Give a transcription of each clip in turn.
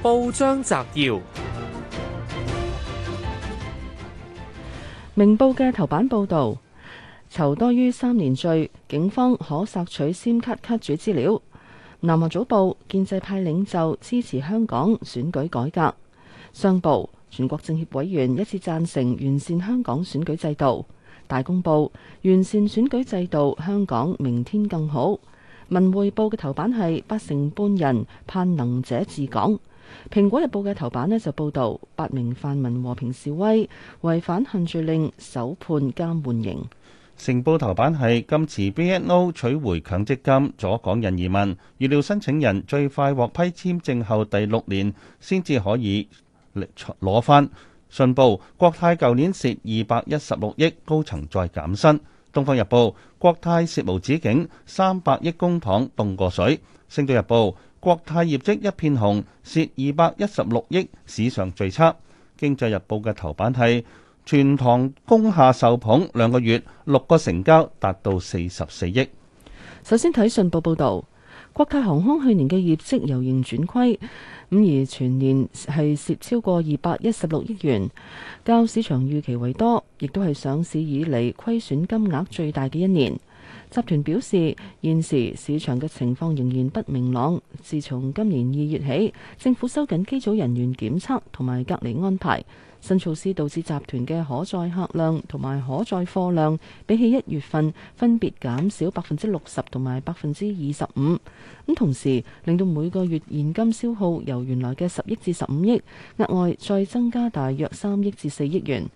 報章摘要：明報嘅頭版報道，囚多於三年罪，警方可索取 SIM 卡卡主資料。南華早報，建制派領袖支持香港選舉改革。商報，全國政協委員一致贊成完善香港選舉制度。大公報，完善選舉制度，香港明天更好。文匯報嘅頭版係八成半人盼能者治港。《蘋果日報》嘅頭版呢就報道八名泛民和平示威違反限聚令，首判監緩刑。《成報》頭版係今次 BNO 取回強積金，阻港人移民。預料申請人最快獲批簽證後第六年先至可以攞返。《信報》國泰舊年蝕二百一十六億，高層再減薪。《東方日報》國泰蝕無止境，三百億公帑凍過水。《星島日報》國泰業績一片紅，蝕二百一十六億，史上最差。經濟日報嘅頭版係全堂工廈受捧，兩個月六個成交達到四十四億。首先睇信報報道，國泰航空去年嘅業績由盈轉虧，咁而全年係蝕超過二百一十六億元，較市場預期為多，亦都係上市以嚟虧損金額最大嘅一年。集團表示，現時市場嘅情況仍然不明朗。自從今年二月起，政府收緊機組人員檢測同埋隔離安排，新措施導致集團嘅可載客量同埋可載貨量比起一月份分別減少百分之六十同埋百分之二十五。咁同時令到每個月現金消耗由原來嘅十億至十五億，額外再增加大約三億至四億元。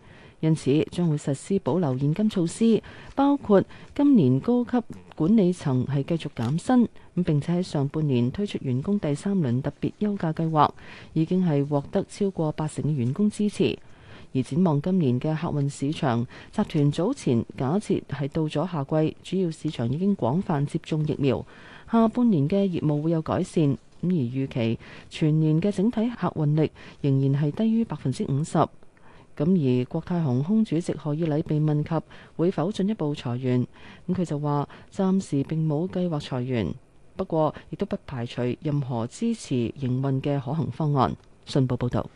因此將會實施保留現金措施，包括今年高級管理層係繼續減薪，咁並且喺上半年推出員工第三輪特別休假計劃，已經係獲得超過八成嘅員工支持。而展望今年嘅客運市場，集團早前假設係到咗夏季，主要市場已經廣泛接種疫苗，下半年嘅業務會有改善。咁而預期全年嘅整體客運力仍然係低於百分之五十。咁而國泰航空主席何以禮被問及會否進一步裁員，咁佢就話暫時並冇計劃裁員，不過亦都不排除任何支持營運嘅可行方案。信報報道，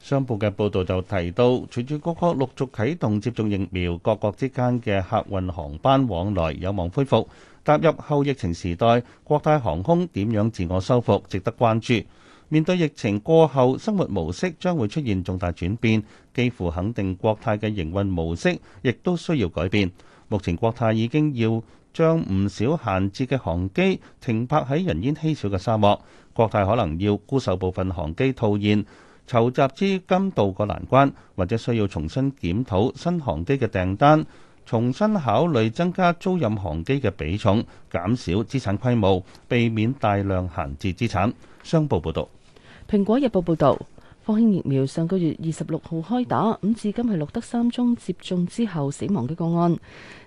商報嘅報道就提到，隨住各國陸續啟動接種疫苗，各國之間嘅客運航班往來有望恢復，踏入後疫情時代，國泰航空點樣自我修復，值得關注。面對疫情過後，生活模式將會出現重大轉變，幾乎肯定國泰嘅營運模式亦都需要改變。目前國泰已經要將唔少閒置嘅航機停泊喺人煙稀少嘅沙漠，國泰可能要沽售部分航機套現，籌集資金渡過難關，或者需要重新檢討新航機嘅訂單，重新考慮增加租賃航機嘅比重，減少資產規模，避免大量閒置資產。商報報道。《蘋果日報》報導，科興疫苗上個月二十六號開打，咁至今係錄得三宗接種之後死亡嘅個案。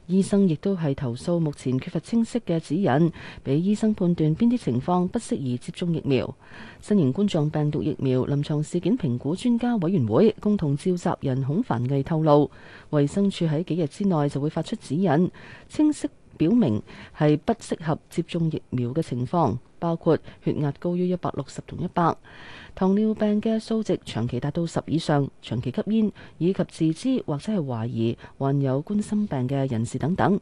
醫生亦都係投訴目前缺乏清晰嘅指引，俾醫生判斷邊啲情況不適宜接種疫苗。新型冠狀病毒疫苗臨床事件評估專家委員會共同召集人孔凡毅透露，衞生署喺幾日之內就會發出指引，清晰，表明係不適合接種疫苗嘅情況，包括血壓高於一百六十同一百，糖尿病嘅數值長期達到十以上，長期吸煙，以及自知或者係懷疑患有冠心病嘅人士等等。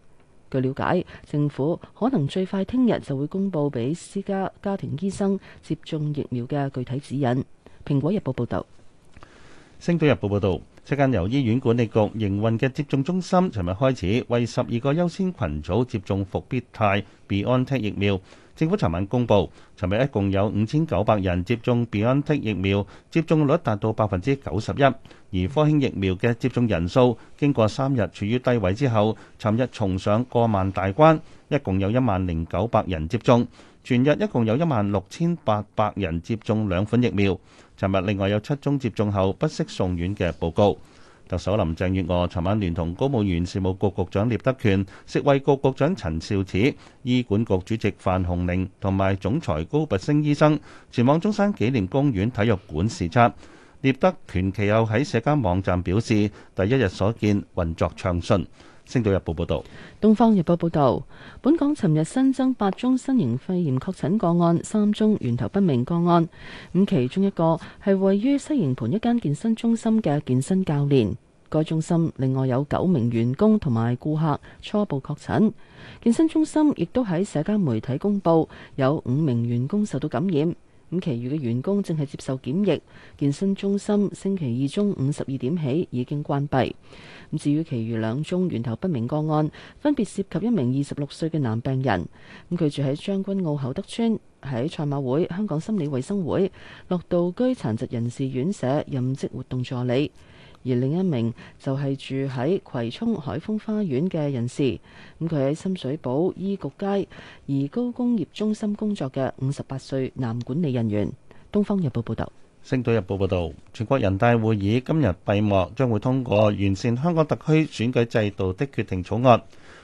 據了解，政府可能最快聽日就會公佈俾私家家庭醫生接種疫苗嘅具體指引。《蘋果日報》報道。《星島日報》報道。即間由醫院管理局營運嘅接種中心，尋日開始為十二個優先群組接種復必泰 biontech 疫苗。政府尋晚公布，尋日一共有五千九百人接種 BioNTech 疫苗，接種率達到百分之九十一。而科興疫苗嘅接種人數，經過三日處於低位之後，尋日重上過萬大關，一共有一萬零九百人接種。全日一共有一萬六千八百人接種兩款疫苗。尋日另外有七宗接種後不適送院嘅報告。特首林鄭月娥尋晚聯同公務員事務局局局長聶德權、食衞局局長陳肇始、醫管局主席范洪寧同埋總裁高拔升醫生前往中山紀念公園體育館視察。聶德權其後喺社交網站表示，第一日所見運作暢順。星島日報報道，東方日報報道，本港尋日新增八宗新型肺炎確診個案，三宗源頭不明個案，咁其中一個係位於西營盤一間健身中心嘅健身教練，該中心另外有九名員工同埋顧客初步確診，健身中心亦都喺社交媒體公布有五名員工受到感染。咁，其餘嘅員工正係接受檢疫。健身中心星期二中午十二點起已經關閉。咁至於其餘兩宗源頭不明個案，分別涉及一名二十六歲嘅男病人。咁佢住喺將軍澳厚德邨，喺賽馬會香港心理衞生會樂道居殘疾人士院舍任職活動助理。而另一名就係住喺葵涌海豐花園嘅人士，咁佢喺深水埗醫局街而高工業中心工作嘅五十八歲男管理人員。《東方日報》報導。《星島日報》報導，全國人大會議今日閉幕，將會通過完善香港特區選舉制度的決定草案，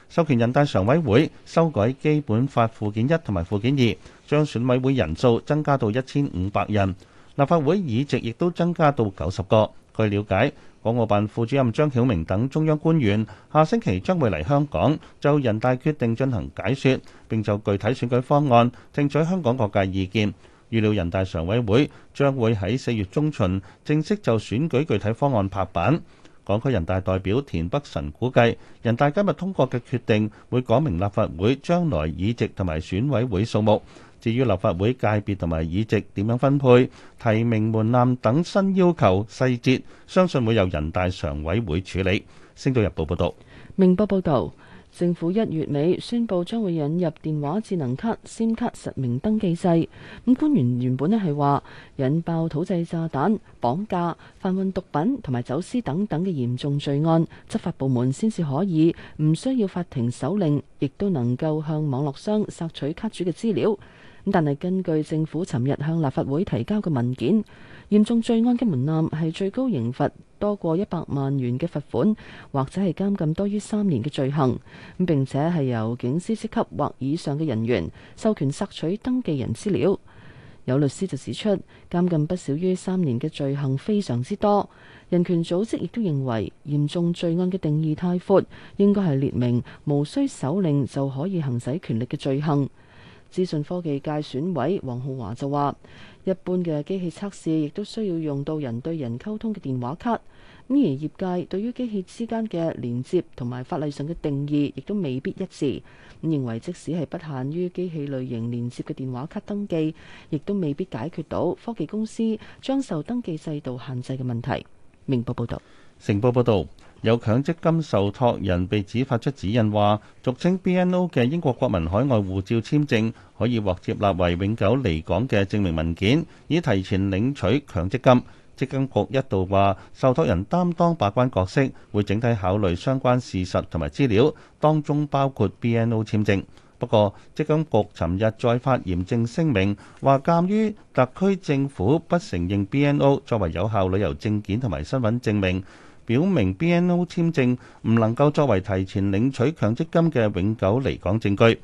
授權人大常委會修改《基本法》附件一同埋附件二，將選委會人數增加到一千五百人，立法會議席亦都增加到九十個。據瞭解，港澳辦副主任張曉明等中央官員下星期將會嚟香港就人大決定進行解說，並就具體選舉方案聽取香港各界意見。預料人大常委會將會喺四月中旬正式就選舉具體方案拍板。港區人大代表田北辰估計，人大今日通過嘅決定會講明立法會將來議席同埋選委會數目。至於立法會界別同埋議席點樣分配、提名門檻等新要求細節，相信會由人大常委會處理。星島日報報道。明報報道。政府一月尾宣布，將會引入電話智能卡、SIM 卡實名登記制。咁官員原本咧係話，引爆土製炸彈、綁架、販運毒品同埋走私等等嘅嚴重罪案，執法部門先至可以唔需要法庭手令，亦都能夠向網絡商索取卡主嘅資料。但係根據政府尋日向立法會提交嘅文件，嚴重罪案嘅門檻係最高刑罰多過一百萬元嘅罰款，或者係監禁多於三年嘅罪行，並且係由警司職級或以上嘅人員授權索取登記人資料。有律師就指出，監禁不少於三年嘅罪行非常之多。人權組織亦都認為，嚴重罪案嘅定義太闊，應該係列明無需搜令就可以行使權力嘅罪行。資訊科技界選委黃浩華就話，一般嘅機器測試亦都需要用到人對人溝通嘅電話卡。然而，業界對於機器之間嘅連接同埋法例上嘅定義，亦都未必一致。咁認為即使係不限於機器類型連接嘅電話卡登記，亦都未必解決到科技公司將受登記制度限制嘅問題。明報報道，成報報道。有強積金受託人被指發出指引，話俗稱 BNO 嘅英國國民海外護照簽證可以獲接納為永久離港嘅證明文件，以提前領取強積金。積金局一度話受託人擔當把關角色，會整體考慮相關事實同埋資料，當中包括 BNO 簽證。不過，積金局尋日再發嚴正聲明，話鑑於特區政府不承認 BNO 作為有效旅遊證件同埋身份證明。表明 BNO 簽證唔能夠作為提前領取強積金嘅永久離港證據。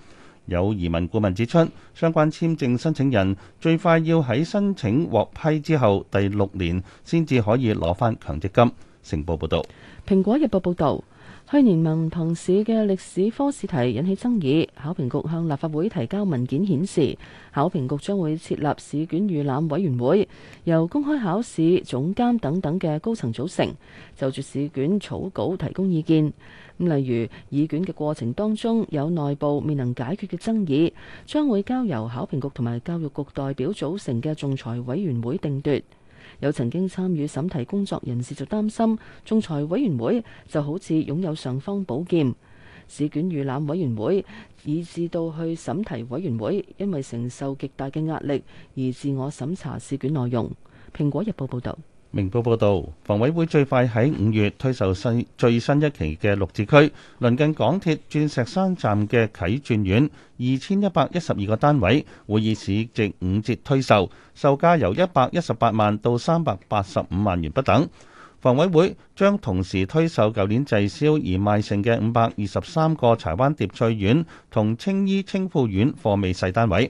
有移民顧問指出，相關簽證申請人最快要喺申請獲批之後第六年先至可以攞翻強積金。成報報道。蘋果日報報道。去年文憑試嘅歷史科試題引起爭議，考評局向立法會提交文件顯示，考評局將會設立試卷預覽委員會，由公開考試總監等等嘅高層組成，就住試卷草稿提供意見。例如，議卷嘅過程當中有內部未能解決嘅爭議，將會交由考評局同埋教育局代表組成嘅仲裁委員會定奪。有曾經參與審題工作人士就擔心，仲裁委員會就好似擁有尚方寶劍，試卷預覽委員會以至到去審題委員會，因為承受極大嘅壓力而自我審查試卷內容。蘋果日報報導。明報報導，房委會最快喺五月推售新最新一期嘅綠置居，鄰近港鐵鑽石山站嘅啟鑽苑，二千一百一十二個單位，會以市值五折推售，售價由一百一十八萬到三百八十五萬元不等。房委會將同時推售舊年滯銷而賣剩嘅五百二十三個柴灣疊翠苑同青衣青富苑貨尾細單位。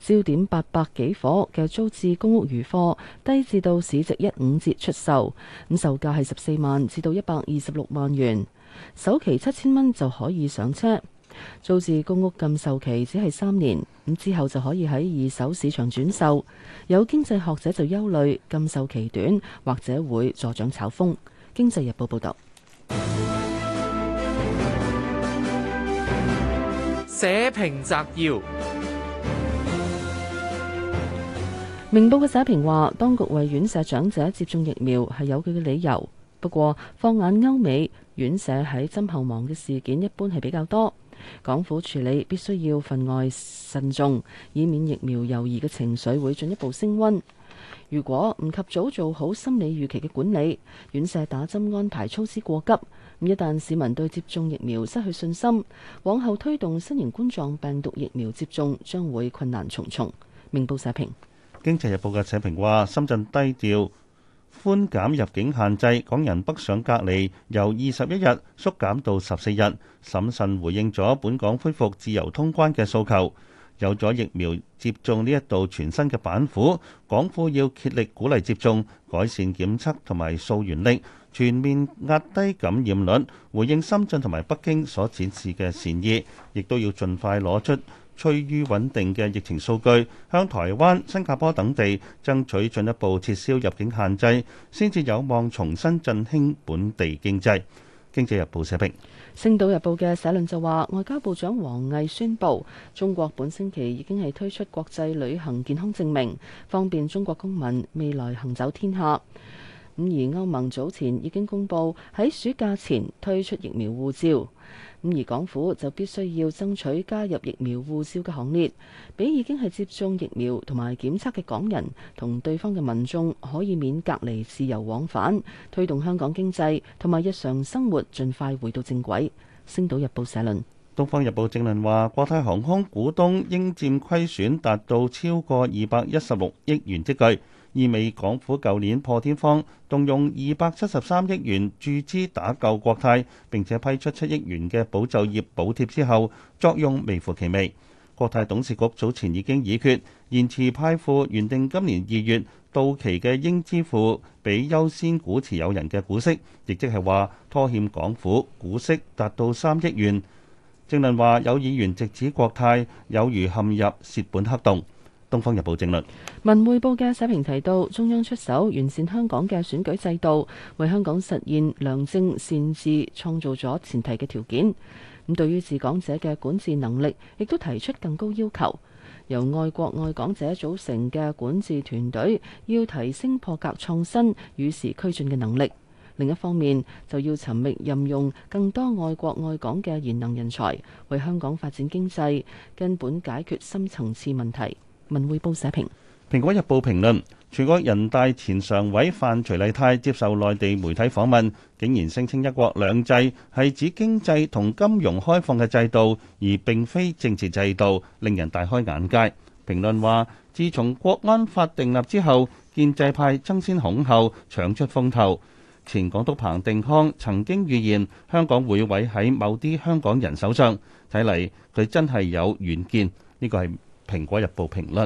焦點八百幾伙嘅租置公屋餘貨，低至到市值一五折出售，咁售價係十四萬至到一百二十六萬元，首期七千蚊就可以上車。租置公屋禁售期只係三年，咁之後就可以喺二手市場轉售。有經濟學者就憂慮禁售期短，或者會助長炒風。經濟日報報道。社評摘要。明報嘅社評話，當局為院舍長者接種疫苗係有佢嘅理由。不過，放眼歐美，院舍喺針後亡嘅事件一般係比較多。港府處理必須要分外慎重，以免疫苗猶豫嘅情緒會進一步升溫。如果唔及早做好心理預期嘅管理，院舍打針安排操之過急，咁一旦市民對接種疫苗失去信心，往後推動新型冠狀病毒疫苗接種將會困難重重。明報社評。《經濟日報》嘅社評話：深圳低調寬減入境限制，港人北上隔離由二十一日縮減到十四日。審慎回應咗本港恢復自由通關嘅訴求，有咗疫苗接種呢一道全新嘅板斧，港府要竭力鼓勵接種，改善檢測同埋溯源力，全面壓低感染率。回應深圳同埋北京所展示嘅善意，亦都要盡快攞出趨於穩定嘅疫情數據，向台灣、新加坡等地爭取進一步撤銷入境限制，先至有望重新振興本地經濟。經濟日報社評。星島日報嘅社論就話，外交部長王毅宣布，中國本星期已經係推出國際旅行健康證明，方便中國公民未來行走天下。咁而歐盟早前已經公布喺暑假前推出疫苗護照。咁而港府就必須要爭取加入疫苗護照嘅行列，俾已經係接種疫苗同埋檢測嘅港人同對方嘅民眾可以免隔離自由往返，推動香港經濟同埋日常生活盡快回到正軌。星島日報社論，《東方日報》正論話，國泰航空股東應佔虧損達到超過二百一十六億元之巨。意味港府舊年破天荒動用二百七十三億元注資打救國泰，並且批出七億元嘅保就業補貼之後，作用微乎其微。國泰董事局早前已經議決延遲派付原定今年二月到期嘅應支付俾優先股持有人嘅股息，亦即係話拖欠港府股息達到三億元。正論話有議員直指國泰有如陷入蝕本黑洞。《東方日報》政論《文匯報》嘅社評提到，中央出手完善香港嘅選舉制度，為香港實現良政善治創造咗前提嘅條件。咁對於治港者嘅管治能力，亦都提出更高要求。由愛國愛港者組成嘅管治團隊，要提升破格創新、與時俱進嘅能力。另一方面，就要尋覓任用更多愛國愛港嘅賢能人才，為香港發展經濟、根本解決深層次問題。文匯報社評，蘋果日報評論，全國人大前常委范徐麗泰接受內地媒體訪問，竟然聲稱一國兩制係指經濟同金融開放嘅制度，而並非政治制度，令人大開眼界。評論話，自從國安法訂立之後，建制派爭先恐後搶出風頭。前港督彭定康曾經預言香港會毀喺某啲香港人手上，睇嚟佢真係有遠見。呢個係。《蘋果日報》評論。